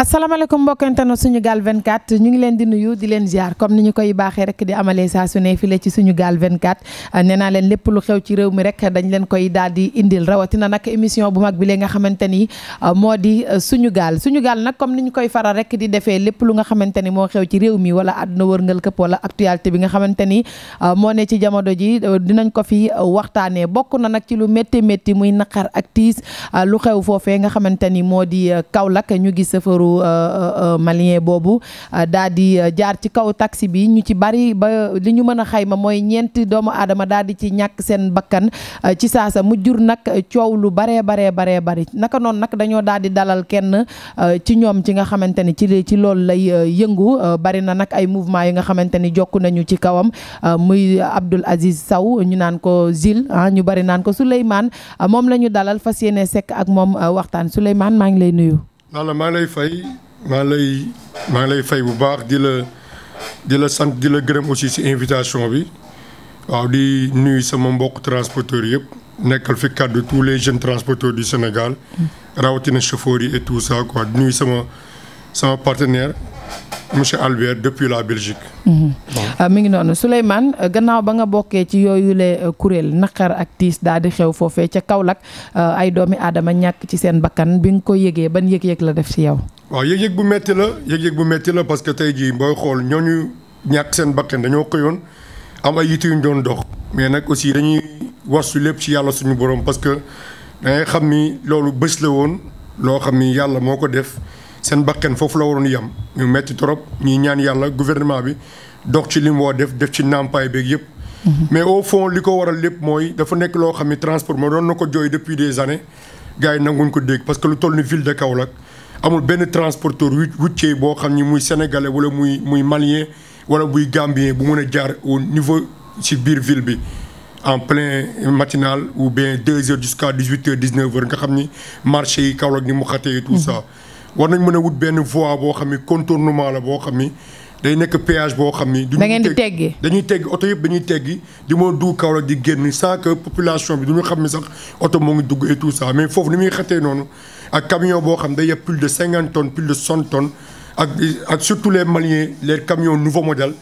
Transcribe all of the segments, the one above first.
asalaamaaleykum mbokk internet suñu gaal 24 ñu ngi leen di nuyu di leen ziar comme ni ñu koy baaxe rek di amalee saa su ne ci suñu gaal 24 euh, nee naa leen lépp lu xew ci réew mi rek dañ leen koy daal di indil rawatina nag émission bu mag bi lee nga xamante ni euh, moo di euh, suñu gaal suñu gaal nag comme ni ñu koy faral rek di defee lépp lu nga xamante ni moo xew ci réew mi wala àdduna wërngal këpp wala actualité bi nga xamante ni moo ne ci jamono ji dinañ ko fi waxtaanee bokk na nag ci lu métti métti muy naqar ak tiis lu xew foofee nga xamante ni moo di Kaolack ñu gis safaru footballu euh, euh, euh, malien boobu daal di jaar ci kaw taxi bi ñu ci bari ba li ñu mën a xayma mooy ñeenti doomu aadama daal di ci ñàkk seen bakkan ci saasa mu jur nag coow lu baree baree baree bari naka noonu nag dañoo daal di dalal kenn ci ñoom ci nga xamante ni ci ci loolu lay yëngu bari na nag ay mouvement yi nga xamante ni jokk nañu ci kawam muy Abdoul Aziz saw ñu naan ko Zil ah ñu bari naan ko Souleymane moom la ñu dalal fas yéene sekk ak moom waxtaan Souleymane maa ngi lay nuyu Lalla maa lay fay maa lay maa lay fay bu baax di la di la sant di la gërëm aussi ci invitation bi waaw di nuyu sama mbokk transporteurs yëpp nekkal fi kàddu tous les jeunes transporteurs du Sénégal rawatina chauffeurs et tous ça quoi di nuyu sama sama partenaire monsieur Albert depuis la Belgique. Mm-hmm. Uh, mi ngi noonu Souleymane uh, gannaaw ba nga bokkee ci yooyu le uh, kuréel naqar ak tiis daal di xew foofee ca Kaolack ay doomi aadama ñàkk ci seen bakkan bi nga ko yëgee ban yëg-yëg la def si yow. waaw yëg-yëg bu metti la yëg-yëg bu metti la parce que tey jii booy xool ñoo ñu ñàkk seen bakkan dañoo xëyoon am ay yitte yuñ doon dox. mais nag aussi dañuy wasu lépp ci yàlla suñu borom parce que da xam ni loolu bës la woon loo xam ni yàlla moo ko def. seen bakkan foofu la waroon yam ñu metti trop ñuy ñaan yàlla gouvernement bi dox ci li mu def def ci nampaay beeg yëpp. Mhm. mais au fond li ko waral lépp mooy dafa nekk loo xam ne transport doon na ko jooy depuis des années gars yi nanguñ ko dégg parce que lu toll ni ville de Kaolack amul benn transporteur routier boo xam ni muy sénégalais wala muy muy malien wala muy gambien bu mën a jaar au niveau ci biir ville bi. en plein matinal ou bien deux heures jusqu'à dix-huit heures dix-neuf heures nga xam ni marché yi Kaolack ni mu xatee tout mhm. ça. war nañ mën a wut benn voie boo xam ni contournement la boo xam ni day nekk péage boo xam ni. da ngeen di dañuy teggi oto yëpp dañuy teggi di moo dugg Kaolack di génn sans population bi du ñu xam ni sax oto moo ngi dugg et tout sax mais foofu ni muy xatee noonu ak camion boo xam day yeb plus de cinquante tonnes plus de cent tonnes ak ak surtout les Maliens les camions nouveau modèle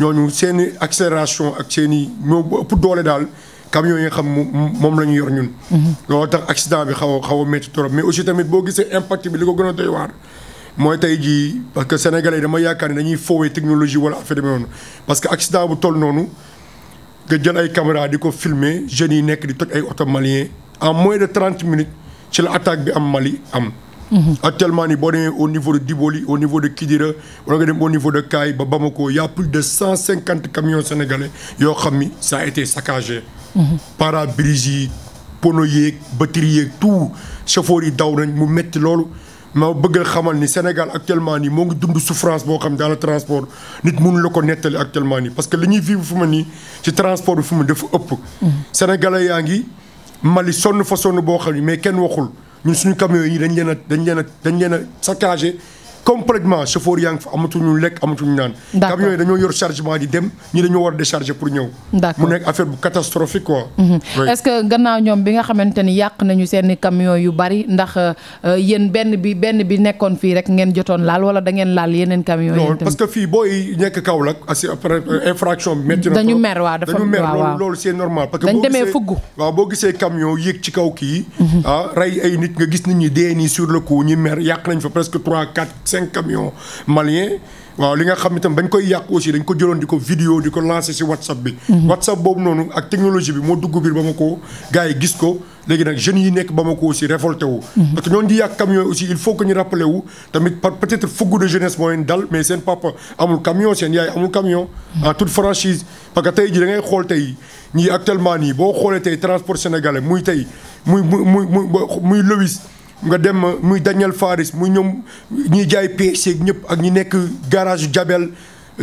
ñooñu seen i accélération ak seen i ñoo ëpp doole daal. camion yi nga xam moom la ñu yor ñun. Mm-hmm. loolu tax accident bi xaw a xaw a métti trop mais aussi tamit boo gisee impact bi li ko gën a doy mooy tey jii parce que sénégalais dama yaakaar ne dañuy foowee technologie wala affaire bi noonu parce que accident bu toll noonu nga jël ay caméra di ko filmer jeunes yi nekk di toj ay oto malien en moins de trente minutes ci la attaque bi am Mali am. Mm-hmm. actuellement nii boo demee au niveau de Diboli au niveau de Kidira wala nga dem au niveau de ba Bamako y' a plus cent cinquante camions sénégalais yoo xam ni ça a été pare-brise yi pono yeeg batterie yeeg tout chauffeur yi daw nañ mu metti loolu ma bëgg a xamal ni Sénégal actuellement nii moo ngi dund souffrance boo xam dans le transport nit mënu la ko nettali actuellement nii parce que li ñuy vivre fu ma nii ci transport bi fu ma dafa ëpp sénégalais yaa ngi Mali sonn fa sonn boo xam ni mais kenn waxul ñun suñu camions yi dañ leen a dañ leen a dañ leen a saccagé complètement chauffeur yaa ngi fa amatuñu lekk amatuñu naan. d' accord camions yi dañoo yor chargement di dem ñi dañoo war décharger pour ñëw. d' accord mu nekk affaire bu catastrophique mhm. est que gannaaw ñoom bi nga xamante ni yàq nañu seen camion yu bari ndax euh, euh, yéen benn bi benn bi nekkoon fii rek ngeen jotoon laal wala da ngeen laal yeneen camions. yi non parce que fii booy nekk Kaolack as euh, infraction bi métti na dañu mer waaw dafa mer loolu loolu normal. parce cinq camions maliens waaw li nga xam itam bañ koy yàq aussi dañ ko jëloon di ko vidéo di ko lancé si WhatsApp bi. Mhm. WhatsApp boobu noonu ak technologie bi moo dugg biir Bamako gars yi gis ko léegi nag jeunes yi nekk ko aussi révolté wu. Mhm. parce que ñooñu di yàq camions yi aussi il faut que ñu rappelé wu tamit par peut être fougue de jeunesse moo dal mais seen papa amul camion seen yaay amul camion. Mhm. en toute franchise parce que tey jii da ngay xool tey ñii actuellement nii boo xoolee tey transport sénégalais muy tey muy muy muy muy Loïs. nga dem muy Daniel Faris mu ñoom ñuy jaay PC ñëpp ak ñi nekk garage Jabel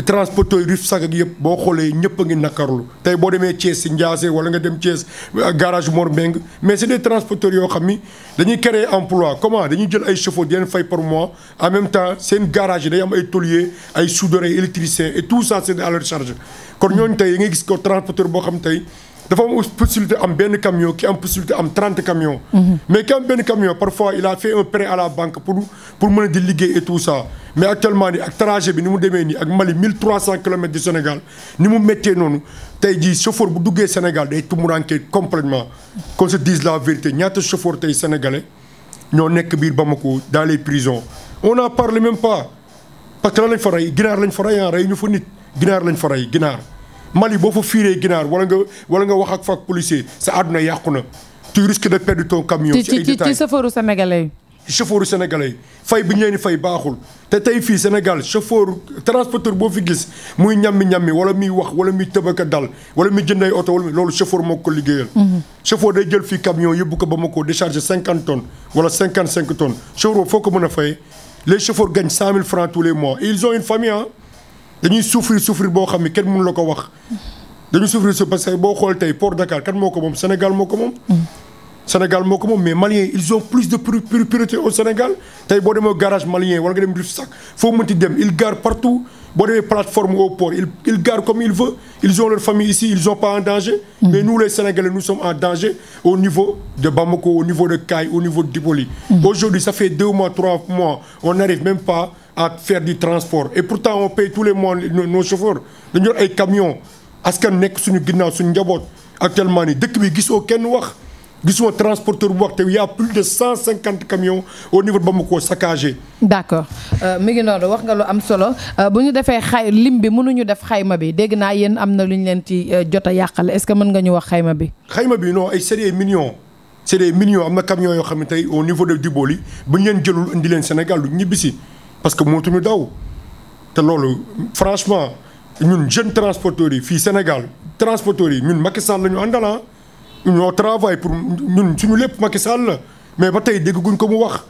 transporteur Rufisque ak yëpp boo xoolee ñëpp a ngi nakarlu tey boo demee Thiès si Ndiassé wala nga dem Thiès euh, garage Mor Mbengue mais c'est des transporteurs yoo xam ni dañuy créer emploi comment dañuy jël ay chauffeurs di leen fay par mois en même temps seen garage yi am ay tôliers ay soudeurs ay électriciens et tout ça c'est à charge kon ñooñu tey da ngay gis ko transporteur boo xam tey dafa am possibilité am benn camion ki am possibilité am trente camions. Mhm. mais ki am benn camion parfois il a fait un prêt à la banque pour pour mën a di liggéey et tout ça mais actuellement nii ak trajet bi ni mu demee nii ak Mali mille trois cent kilomètres du Sénégal ni mu méttee noonu tey jii chauffeur bu duggee Sénégal day tumuranke complètement qu'on se dise la vérité ñaata chauffeur tey sénégalais ñoo nekk biir ko dans les prisons on n'en parle même pas parce que lan lañ fa rey ginaar lañ fa rey ah rey ñu lañ fa rey ginaar. Mali boo fa fiiree ginaar wala nga wala nga wax ak faak policier sa àdduna yàqu na tu risques de perdre ton camion. ci ay détails ci chauffeuru sénégalais yi. fay bi ñu leen fay baaxul te tey fii Sénégal chauffeur transporteur boo fi gis muy ñammi ñammi wala muy wax wala muy tëbaka dal wala muy jënd ay oto wala loolu chauffeur moo ko liggéeyal. Mhm. chauffeur day jël fii camion yóbbu ko ba ma ko décharger cinquante tonnes wala cinquante cinq tonnes chauffeur foo ko mën a fay les chauffeurs gagnent cent mille dañuy souffrir souffrir boo xam ne kenn mënu la ko wax dañuy souffrir su parce que boo xool tey port Dakar kan moo ko moom Sénégal moo ko moom. Sénégal moo ko moom mais Maliens ils ont plus de priorité au Sénégal tey boo demee garage malien wala nga dem Rufisque foo mënti dem ils garent partout boo demee plateforme au port ils ils garent comme ils veulent ils ont leur famille ici ils sont pas en danger. mais nous les Sénégalais nous sommes en danger au niveau de Bamako au niveau de Kaay au niveau de Dipoli. Mm. aujourd'hui ça fait deux mois trois mois on n'arrive à faire du transport et pourtant on paye tous les mois nos chauffeurs dañu yor ay camions askan nekk suñu ginnaaw suñu njaboot actuellement nii dëkk bi gisoo kenn wax gisuma transporteur bu wax te y' a plus de cent cinquante camions au niveau de Bamako saccagé. d' accord euh, mi ngi noonu wax nga lu am solo euh, bu ñu defee xay lim bi mënuñu def xayma bi dégg naa yéen am na lu ñu leen ci euh, jot a yàqal est ce que mën nga ñu wax xayma bi. xayma bi non ay c' million des millions c' est des yoo xam ne tey au niveau de Diboli bu ñu jëlul indi leen Sénégal lu ñibbisi. parce que moo mootuñu daw te loolu franchement ñun jeune transporteurs yi fii Sénégal transporteurs yi ñun Macky Sall la ñu àndal ah. ñoo travail pour ñun suñu lépp Macky Sall la mais ba tey dégguñ ko mu wax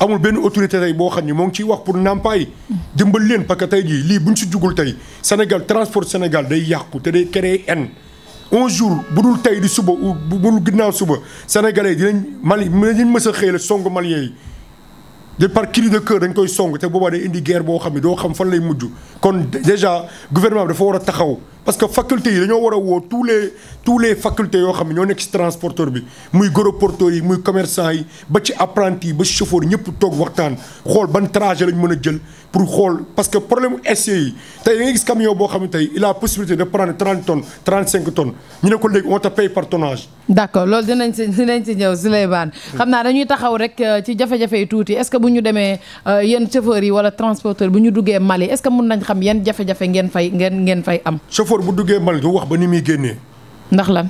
amul benn autorité tey boo xam ni moo ngi ciy wax pour nàmpaay dimbal leen parce que tey jii lii buñ si jugul tey Sénégal transport Sénégal day yàqu te day créer haine un jour bu dul tey di suba bu dul ginnaaw suba sénégalais dinañ Mali dinañ mës a xëy song malien yi de par cri de cœur dañ koy song te boobaa day indi guerre boo xam ne doo xam fan lay mujj kon déjà gouvernement bi dafa war a taxaw parce que faculté yi dañoo war a woo tous les tous les facultés yoo xam ne ñoo nekk ci transporteur bi muy gros yi muy commerçant yi ba ci apprenti yi ba ci chauffeur ñëpp toog waxtaan xool ban trajet lañ mën a jël pour xool parce que problème SC yi tey da nga gis camion boo xam ne tey il a possibilité de prendre 30 tonnes 35 tonnes ñu ne ko léegi on paye par tonnage. d' loolu dinañ si dinañ si ñëw Souleymane xam naa dañuy taxaw rek euh, ci jafe tuuti est ce que bu ñu demee euh, yéen chauffeurs yi wala transporteur bu ñu duggee Mali est ce que mun nañ xam yan jafe ngeen fay ngeen ngeen fay am. Kaafoor bu duggee Mali du wax ba ni muy génnee. ndax lan.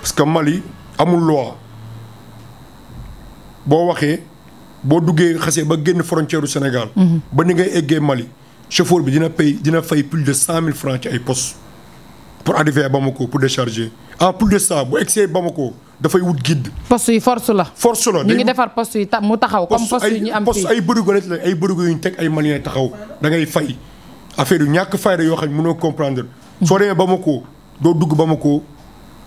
parce que Mali amul loi boo waxee boo duggee xasee ba génn frontière u Sénégal. Mhm. ba ni ngay eggee Mali chauffeur bi dina pay dina fay plus de cent mille francs ci ay post pour arriver à Bamako pour décharger en ah, plus de ça bu egsee Bamako dafay wut guide. poste yi force la. force la ñu ngi defar poste yi mu taxaw. comme poste yi ñu am fii poste ay bërigo la ay bërigo yu ñu teg ay maliens taxaw da ngay fay. affaire yu ñàkk fayda yoo xam ne mënoo comprendre soo demee Bamako doo dugg ko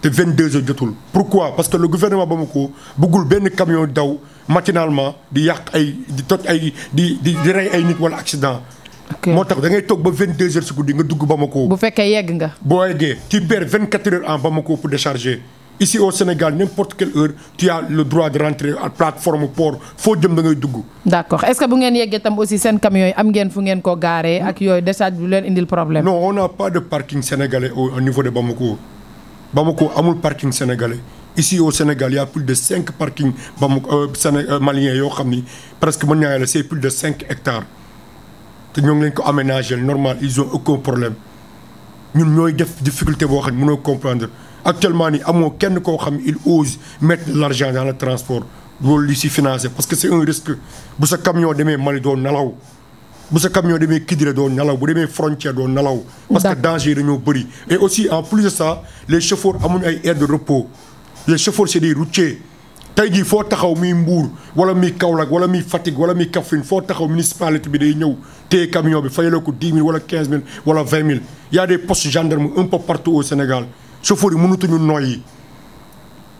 te vingt deux heures jotul pourquoi parce que le gouvernement ko bëggul benn camion daw matinalement di yàq ay di toj ay di di di rey ay nit wala accident moo tax da ngay toog ba 22 heures si guddi nga dugg ba ma ko bu fekkee yegg nga boo yeggee tu perds 24 heures en Bamako pour décharger ici au Sénégal n'importe quelle heure tu as le droit de rentrer à plateforme port foo jëm da ngay dugg. d'accord est-ce que bu ngeen yeggee tam aussi seen camions yi am ngeen fu ngeen ko gaaree ak yooyu décharge bu leen indi problème. non on n'a pas de parking sénégalais au niveau de Bamako Bamako amul parking sénégalais ici au Sénégal il a plus de cinq parkings Bamako euh, Séné euh, maliens yoo xam ni presque mën naa la c'est plus de cinq hectares te ñoo ngi ko aménagé normal ils ont ñun ñooy def difficulté boo xam ne mënoo comprendre. actuellement nii amoo kenn koo xam il ose mettre de l'argent dans le transport loolu li si financé parce que c'est un risque bu sa camion demee Mali doo nalaw bu sa camion demee Kidira doo nalaw bu demee frontière doo nalaw parce que danger yi dañoo bëri et aussi en plus de ça les chauffeurs amuñu ay aire de repos les chauffeurs c'est des routiers tey jii foo taxaw muy mbuur wala muy Kaolack wala muy Fatick wala muy Kaffrine foo taxaw municipalité bi day ñëw téye camion bi fayaloo ko 10 000 wala 15 000 wala 20 000 a des postes gendarmes un peu Sénégal chauffeurs yi mënatuñu noyyi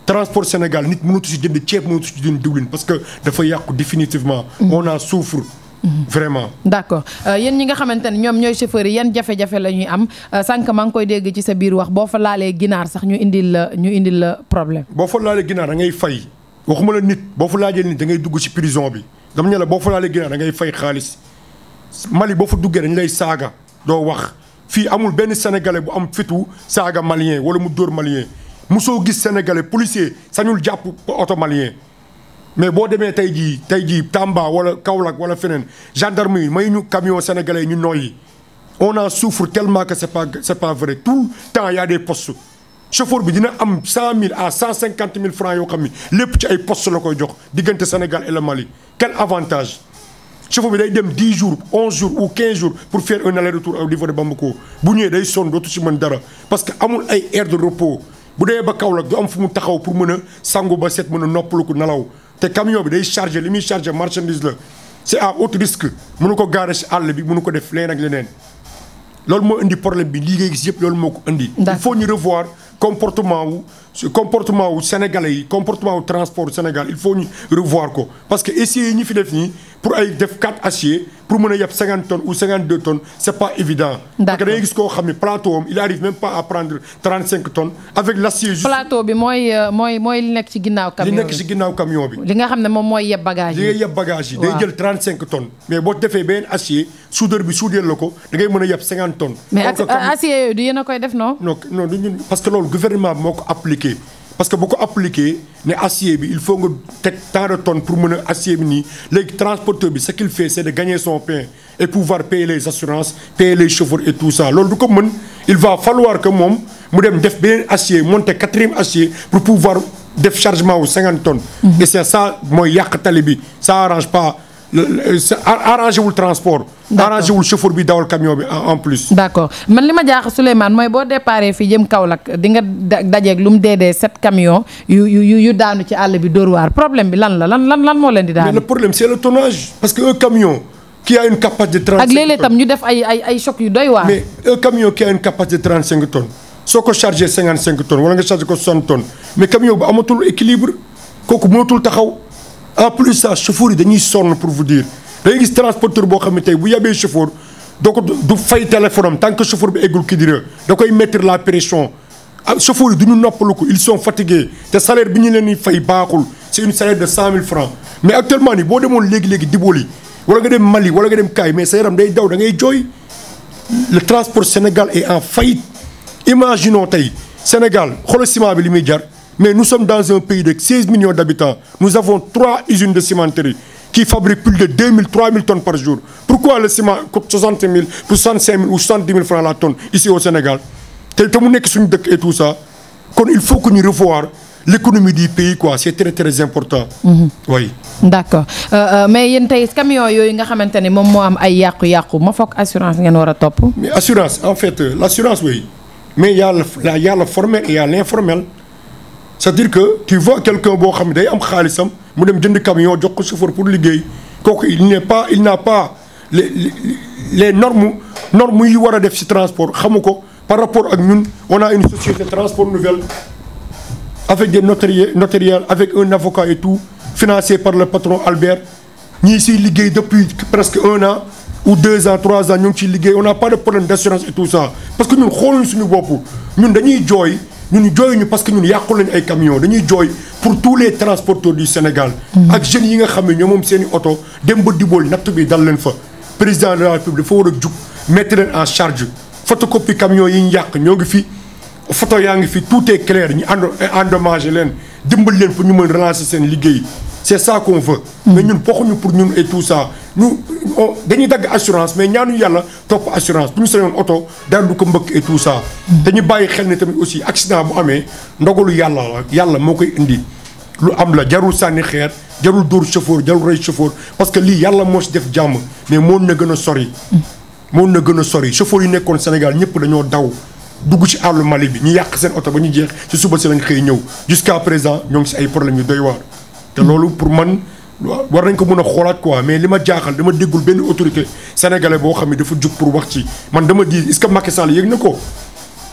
transport Sénégal nit mënatu ci jënd ceeb mënatu ci jënd diwlin parce que dafa yàqu définitivement. Mm. on en souffre. Mm-hmm. vraiment. d' accord euh, yéen ñi nga xamante ne ñoom ñooy chauffeurs yan jafe la ñuy am euh, sànq maa ngi koy dégg ci sa biir wax boo fa laalee ginaar sax ñu indi la ñu indil la problème. boo fa laalee ginaar da ngay fay waxuma la nit boo fa laajee nit da ngay dugg ci prison bi dama ne la boo fa laalee ginaar da ngay fay xaalis Mali boo fa duggee dañ lay saaga doo wax. fii amul benn sénégalais bu am fitu saaga malien wala mu dóor malien soo gis sénégalais policier sañul jàpp oto malien mais boo demee tey jii tey jii Tamba wala Kaolack wala feneen gendarme yi may ñu camion sénégalais yi ñu nooyi on en souffre tellement que c'est pas c'est pas vrai tout le temps y a des postes chauffeur bi dina am cent mille à cent cinquante mille francs yoo xam ni lépp ci ay post la koy jox diggante Sénégal et Mali quel avantage chauffeur bi day dem 10 jours 11 jours ou 15 jours pour faire un aller-retour au niveau de Bamako bu ñëwee day sonn dootu ci mën dara parce que amul ay aire de repos bu dee ba Kaolack du am fu mu taxaw pour mën a sangu ba set mën a noppalu ko nalaw te camion bi day chargé li muy chargé marchandise la c'est à haut risque mënu ko gaare ci àll bi mënu ko def leneen ak leneen loolu moo indi problème bi lii ngay gis yëpp loolu moo ko indi il faut ñu revoir comportement wu su comportement wu sénégalais comportement wu transport Sénégal il faut ñu revoir ko parce que essier yi fi def nii pour ay def 4 acier pour mën a yeb ou 52 tonnes pas évident. parce que da ngay gis koo plateau il arrive même pas à prendre 35 tonnes avec l' acier. plateau bi euh, mooy li nekk ci ginnaaw. camion camion bi. li nga xam ne moom mooy yeb bagage yi. li ngay yeb bagage mais boo defee benn acier soudeur bi soudé la ko da appliquer parce que bu ko appliquer ne acier bi il faut nga teg tant de tonnes pour mën a acier bi nii léegi transporteur bi ce qu'il fait c'est de gagner son pain et pouvoir payer les assurances payer les chauffeurs et tout ça loolu du ko mën il va falloir que moom mu dem def beneen acier monter quatrième acier pour pouvoir def chargement wu 50 tonnes. Mhm. et c'est ça mooy yàq tali bi ça arrange pas. arrangé wul transport. arrangé wul chauffeur bi dawal camion bi en plus. d' accord man li ma jaax Souleymane mooy boo déparé fi jëm Kaolack di nga dajeeg lu mu dee dee sept camions yu yu daanu ci àll bi Dóor waar problème bi lan la lan lan lan moo leen di daanu. mais le problème c' est tonnage. parce que a camion. qui a une capacité de 35 ak léeg-léeg tam ñu def ay ay ay choc yu doy waar. mais un camion qui a une capacité de 35 tonnes soo ko chargé 55 tonnes wala nga chargé ko 60 tonnes mais camion bu amatul équilibre kooku mënatul taxaw. en plus ça chauffeur yi dañuy sonn pour vous dire da ngay gis transporteur boo xam ne tey bu yabee chauffeur doo du fay téléphone am tant que bi eggul Kidira da koy mettre la pression ah chauffeur du ñu noppalu ko ils sont fatigués te salaire bi ñu leen di fay baaxul c'est une salaire de cent mille francs mais actuellement nii boo demoon léegi-léegi Diboli wala nga dem Mali wala nga dem Kaay mais sa yaram day daw da ngay jooy le transport Sénégal est en faillite imaginons tey Sénégal xoolal ciment bi li muy jar. mais nous sommes dans un pays de 16 millions d'habitants nous avons trois usines de cimenterie qui fabriquent plus de tonnes par jour pourquoi le ciment ou francs la tonne ici au Sénégal te te mu nekk suñu dëkk et tout ça kon il faut que ñu revoir l'économie du pays quoi c'est très très important. Mhm. oui. d'accord euh, euh, mais yéen tey yooyu nga xamante ne moom moo am ay yàqu-yàqu ma foog assurance ngeen war a topp. mais assurance en fait euh, l'assurance oui mais y a la c'est-à-dire que tu vois quelqu'un boo xam ne day am xaalisam mu dem jënd camion jox ko chauffeur pour liggéey kooku il n'est il n'a pas les les normes normes yi war a def si transport xamu ko par rapport ak ñun on a une société transport nouvelle avec des notariés notariés avec un avocat et tout financé par le patron Albert ñii siy liggéey depuis presque un an ou deux ans trois ans ñu ngi ciy liggéey on n'a pas de problème d'assurance et tout ça parce que ñu xooluñu suñu bopp ñun dañuy jooy ñun jooyuñu parce que ñun yàqul lañu ay camions dañuy jooy pour tous les transporteurs du Sénégal. ak jeunes yi nga xam ne ñoom moom seeni i oto dem ba dibool natt bi dal leen fa. président de la République dafa war a jug mettre leen en charge photocopie camions yi ñu yàq ñoo ngi fi photo yaa ngi fi tout est clair ñu endommagé leen dimbal leen pour ñu mën relancer seen liggéey. c'est ça qu'on veut. mais mm. ñun waxuñu pour ñun et tout ça ñu oh, dañuy dagg assurance mais ñaanuñu yàlla topp assurance bu ñu sañoon oto daal du ko mbëkk et tout ça. Mm. dañu bàyyi xel ne tamit aussi accident bu amee ndogalu yàlla la yàlla moo koy indi. lu am la jarul sànni xeer jarul dóor chauffeur jarul rey chauffeur parce que lii yàlla moo si def jàmm mais moon na gën a sori. Mm. moon na gën a sori chauffeur yi nekkoon Sénégal ñëpp dañoo daw. dugg ci àllu Mali bi ñu yàq seen oto ba ñu jeex ci suba si lañ xëy ñëw jusqu'à présent ñoo ngi si ay problèmes yu doy waar. te loolu pour man war nañ ko mën a xoolaat quoi mais li ma jaaxal dama déggul benn autorité sénégalais boo xam ne dafa jug pour wax ci man dama di est-ce que Macky Sall na ko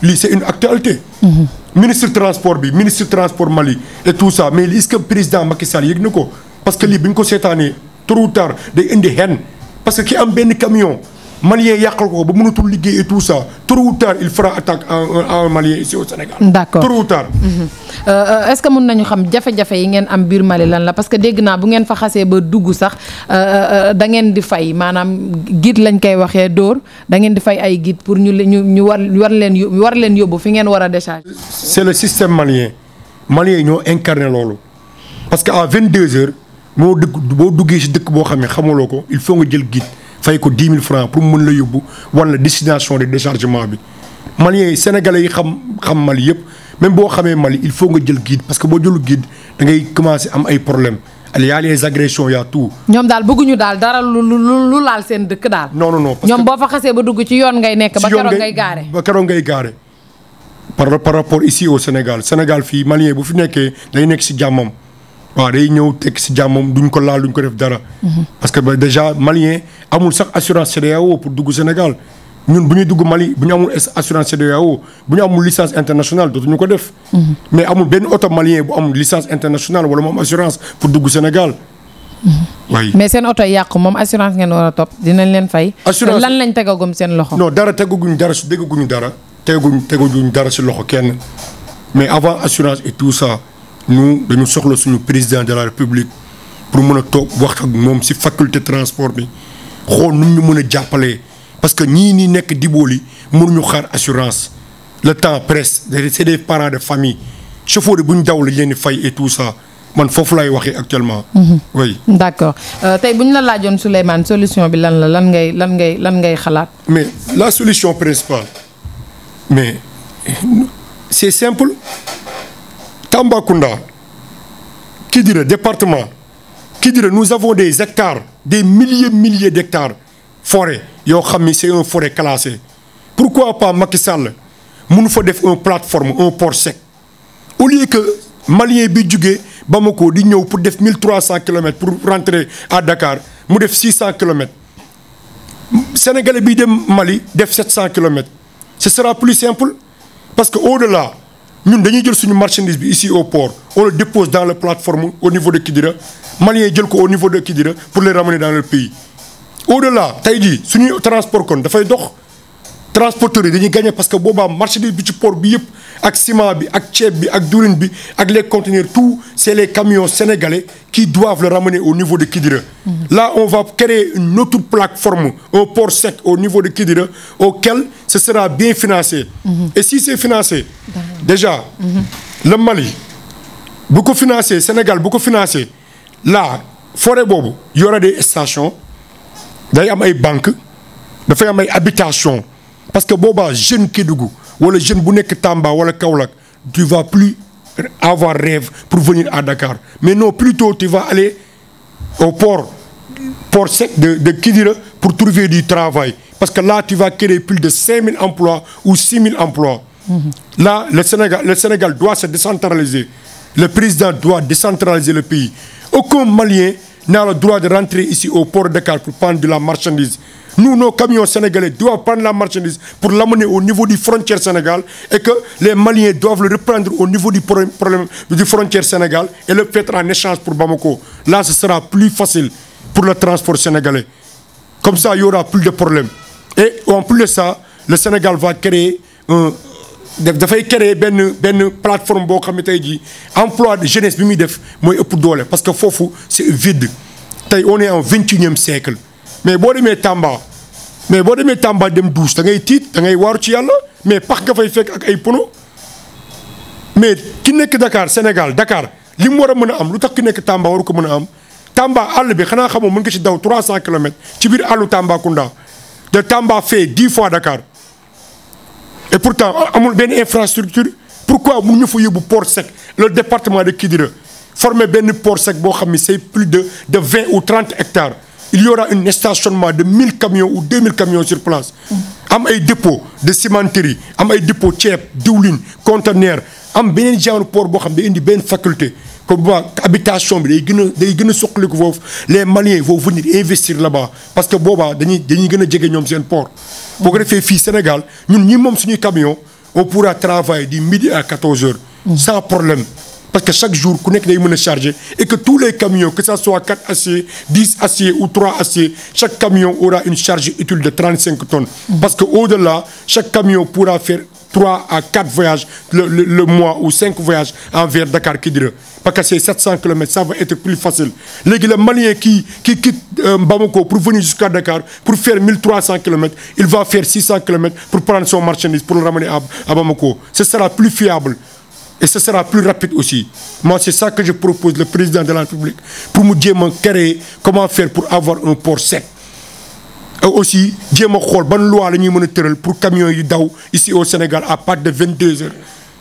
lii c'est une actualité. Mhm. ministre transport bi ministre transport Mali et tout sax mais lii est-ce président Macky Sall yëg na ko parce que lii bi ñu ko seetaanee trop tard day indi xen parce que ki am benn camion. malien yàqal ko ba mënatul liggéey et tout ça tôt ou tard il fera attaque à un, à un malien ici au Sénégal. d'accord ou tard. Mhm. Euh, euh, est-ce que mën nañu xam jafe-jafe yi ngeen am biir Mali lan la parce que dégg naa bu ngeen fa xasee ba dugg sax euh, da ngeen di fay maanaam guide lañ koy waxee dóor da ngeen di fay ay guide pour ñu ñu ñu war war leen war leen yóbbu fi ngeen war a décharger. c'est le système malien malien yi ñoo incarné loolu parce que à 22 heures moo dugg boo duggee dëkk boo xam ne xamaloo ko il faut jël guide. fay ko dix mille francs pour mu mën la yóbbu wan la destination de déchargement bi malien yi sénégalais yi xam xam Mali yëpp même boo xamee Mali il faut nga jël guide parce que boo jëlu guide da ngay commencer am ay problème il y a les agressions y tout. ñoom daal bëgguñu daal dara lu lu lu laal seen dëkk daal. non non non parce ñoom boo fa xasee ba dugg ci yoon ngay nekk. ba keroog ngay gaare ba keroog ngay gaare. par par rapport ici au Sénégal Sénégal fii malien bu fi nekkee day nekk si jàmmam. waaw day ñëw tekk si jàmmam duñ ko laal duñ ko def dara. Mhm. parce que ba déjà malien amul sax assurance CEDEAO pour dugg Sénégal ñun bu ñuy dugg Mali bu ñu amul assurance CEDEAO bu ñu amul licence internationale dootuñu ko def. Mhm. mais amul benn oto malien bu am licence internationale wala mu am assurance pour dugg Sénégal. waaye mhm. mais seen oto yàqu moom assurance ngeen war a topp dinañ leen fay. assurance lan lañ tegagum seen loxo. non dara tegaguñ dara su déggaguñu dara tegaguñ tegaguñ dara si loxo kenn mais avant assurance et tout ça. ñu dañu soxla suñu président de la république pour mën a toog wax ak moom si faculté transport bi xool nu ñu mën a jàppalee parce que ñii nii nekk Diboli mënuñu xaar assurance le temps presse c'est de parents de famille chauffeur yi bu ñu daw lañ leen di fay et tout ça man foofu laay waxee actuellement. Mhm. oui d'accord euh, tey bu ñu la laajoon Souleymane solution bi lan la lan ngay lan ngay lan ngay xalaat. mais la solution principale mais c'est simple. Tambacounda, Kidira, département, Kidira, nous avons des hectares, des milliers, milliers d'hectares forêts. Yo c'est une forêt classée. Pourquoi pas Macky Sall nous fa def une plateforme, un port sec. Au lieu que Malien bi jugee ba jugé ko di ñëw pour def 1300 km pour rentrer à Dakar, mu def 600 km. Sénégalais bi dem Mali def 700 km. Ce sera plus simple parce que au-delà ñun dañuy jël suñu marchandise bi ici au port on le dépose dans la plateforme au niveau de Kidira Maliens jël ko au niveau de Kidira pour les ramener dans leur pays au delà tey jii suñu transport kon dafay dox. transporteurs yi dañuy gagné parce que boobaa marchandise bi ci port bi yëpp ak ciment bi ak ceeb bi ak diwlin bi ak les conteneurs tout c'est les camions sénégalais qui doivent le ramener au niveau de Kidira mhm. là on va créer une autre plateforme un port sec au niveau de Kidira auquel ce sera bien financé mhm. et si c'est financé déjà mhm. le Mali bu ko financé Sénégal bu ko financé là forêt boobu y des stations day am ay banques dafay am ay habitation parce que boobaa jeune Kédougou wala jeune bu nekk Tamba wala Kaolack tu vas plus avoir rêve pour venir à Dakar mais non plutôt tu vas aller au port port de de Kidira pour trouver du travail parce que là tu vas créer plus de 5000 emplois ou 6000 emplois mmh. là le Sénégal le Sénégal doit se décentraliser le président doit décentraliser le pays aucun Malien n'a le droit de rentrer ici au port de Dakar pour prendre de la marchandise Nous, nos camions sénégalais doivent prendre la marchandise pour l'amener au niveau du frontière Sénégal et que les Maliens doivent le reprendre au niveau du problème du frontière Sénégal et le faire en échange pour Bamako. Là, ce sera plus facile pour le transport sénégalais. Comme ça, il n'y aura plus de problème. Et en plus de ça, le Sénégal va créer un, dafay créer benn benn plateforme boo xam ne tey jii emploi de jeunesse bi muy def mooy ëpp doole parce que foofu c'est vide tey on est en vingt-et-unième mais boo demee Tamba mais boo demee Tamba dem douche da ngay tiit da ngay waaru ci yàlla mais pax nga fay fekk ak ay pono mais ki nekk Dakar Sénégal Dakar li mu war a mën a am lu tax ki nekk Tamba war ko mën a am Tamba àll bi xanaa xamoo mën nga ci daw trois 300 kilomètres ci biir àllu Tambacounda de Tamba fait 10 fois Dakar et pourtant amul benn infrastructure pourquoi mun ñu fa yóbbu port sec le département de Kidira formé benn port sec boo xam ni c'est plus de de 20 ou hectares. il y aura un de mille camions ou 2000 camions sur place. am ay dépôt de cimenterie am ay dépôt ceeb diwlin conteneur am beneen genre port boo xam ne indi benn faculté comme ba habitation bi day gën a day gën a soqaliku foofu les Maliens vont venir investir là-bas parce que boobaa dañuy dañuy gën a jege ñoom seen port. boo ko defee fii Sénégal ñun ñii moom suñuy camion on pourra travailler du midi à 14 heures. sans problème. parce que chaque jour ku nekk day mën a charger et que tous les camions que ça soit 4 aciers 10 aciers ou 3 aciers chaque camion aura une charge utile de tonnes parce que au-delà chaque camion pourra faire 3 à 4 le, mois ou 5 voyages envers Dakar Kidira parce que c'est 700 kilomètres ça va être plus facile léegi le Malien qui quitte euh, Bamako pour venir jusqu'à Dakar pour faire kilomètres il va faire 600 kilomètres pour prendre son marchandise pour le ramener à, à Bamako ce sera plus fiable et ce sera plus rapide aussi moo c'est ça que je propose le président de la République pour mu jéem a créer comment faire pour avoir un port sec aussi jéem a xool ban loi la ñuy mën a tëral pour camions yi daw ici au Sénégal à partir de 22 heures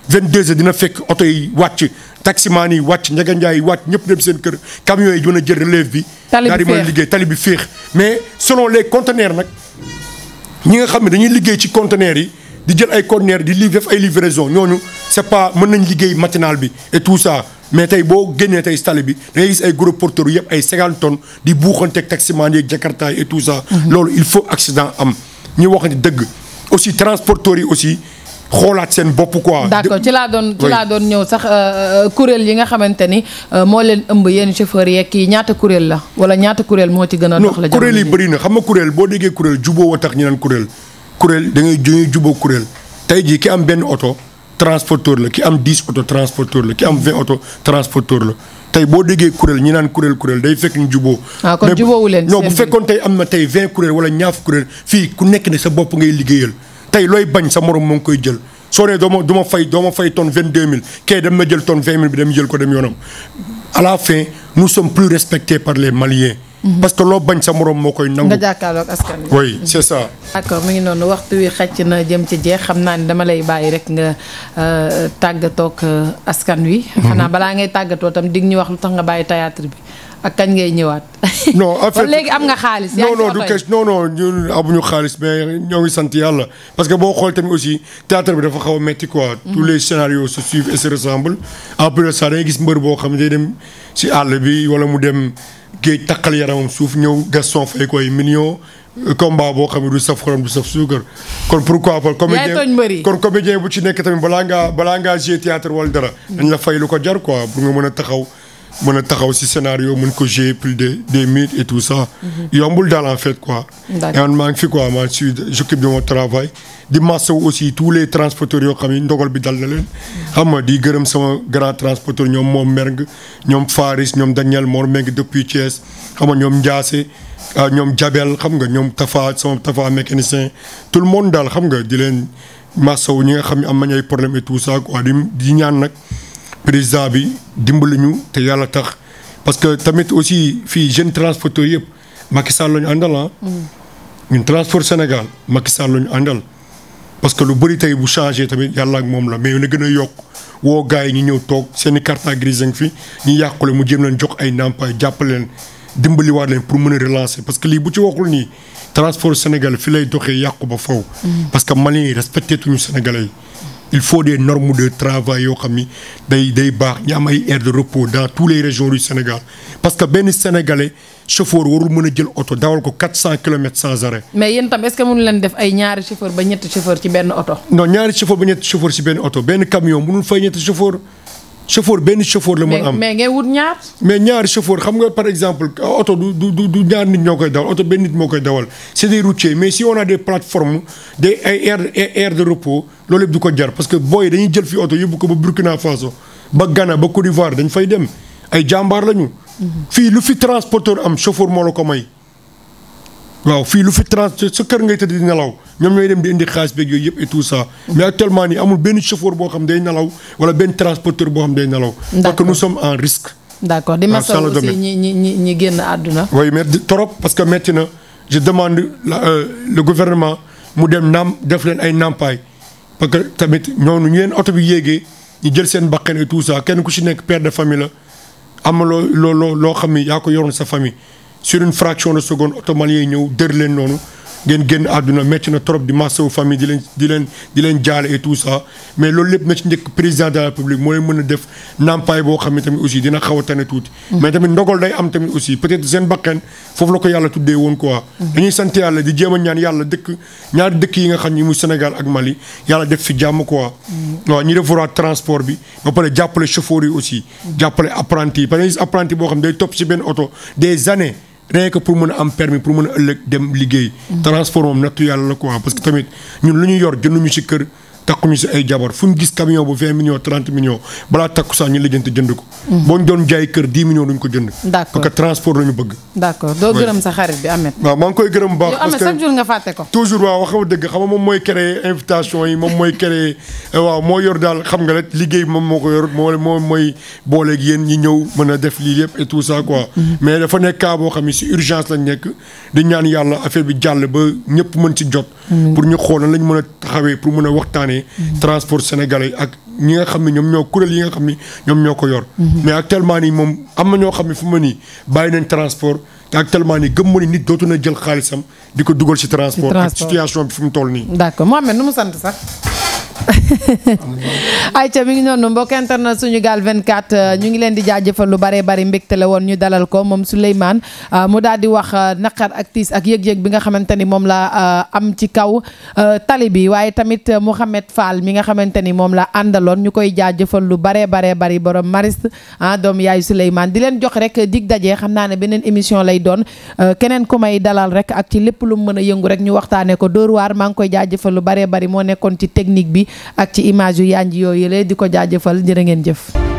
22 heures dina fekk oto yi wàcc taximaan yi wàcc njaganjaay yi wàcc ñëpp dem seen kër camions yi mën a jël relève bi daal di mën tali bi féex mais selon les conteneurs nag ñi nga xam ne dañuy liggéey ci conteneurs yi di jël ay conteneurs di def ay livraison ñooñu c'est pas mën nañ liggéey matinal bi et tout ça mais tey boo génnee tey stale bi da ngay gis ay gros porteurs yëpp ay 50 tonnes di buuxanteeg taximan yeeg jakarta et tout ça. Mhm. loolu il faut accident am ñu waxante dëgg aussi transporteurs yi aussi. xoolaat seen bopp quoi. d'accord ci laa doon ñëw sax euh, euh, kuréel yi nga xamante ni euh, moo leen ëmb yenn chauffeurs yeeg yi ñaata kuréel la wala ñaata kuréel moo ci gën a. na kuréel boo déggee kuréel juboo wa tax ñu naan kuréel. kuréel da ngay dañuy juboo kuréel tey jii ki am benn oto transporteur la ki am 10 oto transporteur la ki am 20 oto transporteur la tey boo déggee kuréel ñi naan kuréel kuréel day fekk ñu juboo ah leen non bu fekkoon tey am na tey 20 kuréel wala ñaaf kuréel fii ku nekk ne sa bopp ngay liggéeyal tey looy bañ sa morom moo ngi koy jël soo nee doo ma du ma fay doo ma fay ton vingt deux mille kay dem na jël tonne vingt mille bi dem jël ko dem yoonam à la fin nous sommes plus respectés par les Maliens Mm-hmm. parce que loo bañ sa morom moo koy nangu. nga jàkkaarloog askan wi. oui mm-hmm. c'est ça. d'accord mu ngi noonu waxtu wi xëcc na jëm ci jeex xam naa ne dama lay bàyyi rek nga euh, tàggatoog euh, askan wi. Mm-hmm. xanaa balaa ngay tàggatoo tam dig ñu wax lu tax nga bàyyi théâtre bi ak kañ ngay ñëwaat. non léegi am nga xaalis. yaa ngi non non du question amuñu xaalis mais ñoo ngi sant yàlla parce que boo xool tamit aussi théâtre bi dafa xaw a métti quoi. tous les scénarios se suivent et se ressemblent en plus de gis mbër boo xam ne dem si àll bi wala mu dem. géej taqal yaramam suuf ñëw Gaston fay koy million euh, combat boo xam ne du saf xorom du saf suukar kon pourquoi pas comédien kon comédien bu ci nekk tamit balaa ngaa balaa ngaa jouer théâtre wala dara dañ la fay lu ko jar quoi pour nga mën a taxaw mën a taxaw si scénario mën ko jouer plus de des minutes et tout ça. Mhm. yombul daal en fait quoi. maa ngi fi quoi man suis j'occupe de mon travail. di masawu aussi tous les transporteurs yoo xam ni bi dal na leen. Mhm. xam nga di gërëm sama grand transporteur ñoom moom Merng ñoom Faris ñoom Daniel Mor Meng depuis Thiès xam nga ñoom Ndiasse ah, ñoom Jabel xam nga ñoom Tafa sama Tafa mécanicien tout le monde daal xam nga di leen masawu ñi nga xam ne am nañ ay problème et tout ça quoi di ñaan nag. président bi dimbali ñu te yàlla tax parce que tamit aussi fii jeune transporteur yëpp Macky Sall ñu àndal ah. Mm. ñun transport Sénégal Macky Sall ñu àndal. parce que lu bëri tey bu changé tamit yàlla ak moom la mais na gën a yokk woo gars yi ñu ñëw toog seen i carte grise fi ñu yàqule mu jéem leen jox ay ndàmpaay jàppale leen dimbali dimbaliwaat leen pour mën a relancer parce que lii bu ci waxul nii transport Sénégal fi lay doxee yàqu ba faw mm. parce que Maliens yi respecté tuñu yi. il faut des normes de travail yoo xam ni day day baax ñu am ay aire de repos dans tous les régions du Sénégal parce que benn sénégalais chauffeur warul mën a jël oto dawal ko 400 kilomètres sans arrêt. mais yéen tam est-ce que mënu leen def ay ñaari chauffeur ba ñetti chauffeur ci benn oto. non ñaari chauffeur ba ñetti chauffeur ci benn oto benn camion mënul fay ñetti chauffeur. chauffeur benn chauffeur la mën am mais ngay wut ñaar. mais ñaari chauffeur xam nga par exemple oto du du du ñaar nit ñoo koy dawal oto benn nit moo koy dawal c' est des routiers mais si on a des plateformes des ay de repos loolu yëpp du ko jar parce que booy dañuy jël fi oto yóbbu ko ba Burkina Faso ba Ghana ba Côte d'Ivoire dañ fay dem ay jàmbaar lañu. Mhm. fii lu fi transporteur am chauffeur moo la ko may. waaw fii lu fi trans sa kër ngay tëdd di nelaw. ñoom ñooy dem di indi xaalis beeg yooyu yëpp et tout ça. mais actuellement nii amul benn chauffeur boo xam day nelaw wala benn transporteur boo xam day nelaw. parce que nous sommes en risque. d' accord di ah, masawu aussi ñi ñi ñi ñi génn àdduna. oui mais trop parce que métti na je demande la euh, le gouvernement mu dem naam def leen ay nampaay parce que tamit ñooñu ñu leen oto bi yéegee ñu jël seen bakkan et tout ça kenn ku si nekk per de famille la am loo loo xam ni yaa ko yoroon sa famille sur une fraction de seconde oto malien yi ñëw leen noonu. ngeen génn àdduna métti na trop di masawu famille di leen di leen jaal leen et tout ça mais loolu lépp na ci njëkk président de la République moo leen mën a def nampaay boo xam ne tamit dina xaw a tane tuuti. Mm-hmm. mais tamit ndogal day am tamit aussi peut-être seen bakkan foofu la ko yàlla tuddee woon quoi. Mm-hmm. dañuy sant yàlla di jéem ñaan yàlla dëkk ñaar dëkk yi nga xam ni mu Sénégal ak Mali yàlla def fi jàmm quoi. Mm-hmm. waaw ñu defaraat transport bi ba pare jàppale chauffeur yi aussi. jàppale apprenti yi parce que boo xam day topp ci benn oto des années. rien que pour mën a am permis pour mën a ëllëg dem liggéey. Mhm. transformé am nattu yàlla la quoi parce que tamit ñun lu ñu yor jënduñu ci kër. takkuñu si ay jabar fu ñu gis camion bu 20 millions 30 millions balaa takku sax ñu lijjanti jënd ko. Mhm. boo ñu doon jaay kër 10 millions duñ ko jënd. d'accord transport lañu bëgg. doo gërëm sa xarit bi Ameth. waaw maa koy gërëm baax parce que ko. Eh, yor daal xam nga liggéey bi moom moo ko yor moo mooy booleeg yéen ñi ñëw mën a def lii yëpp et tout ça quoi. Mhm. mais dafa nekk boo xam ne si urgence lañ nekk di ñaan yàlla affaire bi jàll ba ñëpp mën ci jot. pour ñu a a ne transport sénégalais ak ñi nga xam ne ñoom ñoo kuréel yi nga xam ne ñoom ñoo ko yor mais actuellement nii moom am na ñoo xam ne fu ma nii bàyyi nañ transport te actuellement nii gëm ma ni nit dootu na jël xaalisam di ko dugal si transport ak situation bi fu mu tol nii d'accord Mohamed nu sant sax ayca mi ngi noonu mbokk internet suñu gaal 24 euh, ñu ngi leen di jaajëfal lu baree bari mbégte la woon ñu dalal ko moom Souleymane euh, mu daal di wax euh, naqar ak tiis ak yëg-yëg bi nga xamante ni moom la am ci kaw tali bi waaye tamit Mouhamed Fall mi nga xamante ni moom la àndaloon ñu koy jaajëfal lu baree baree bari borom mariste ah doom yaayu Souleymane di leen jox rek dig daje xam naa ne beneen émission lay doon keneen ku may dalal rek ak ci lépp lu mu mën a yëngu rek ñu waxtaanee ko Dóor waar maa ngi koy jaajëfal lu baree bari moo nekkoon ci technique bi ak ci image yu yanj yooyu la di ko jaajëfal jërë ngeen jëf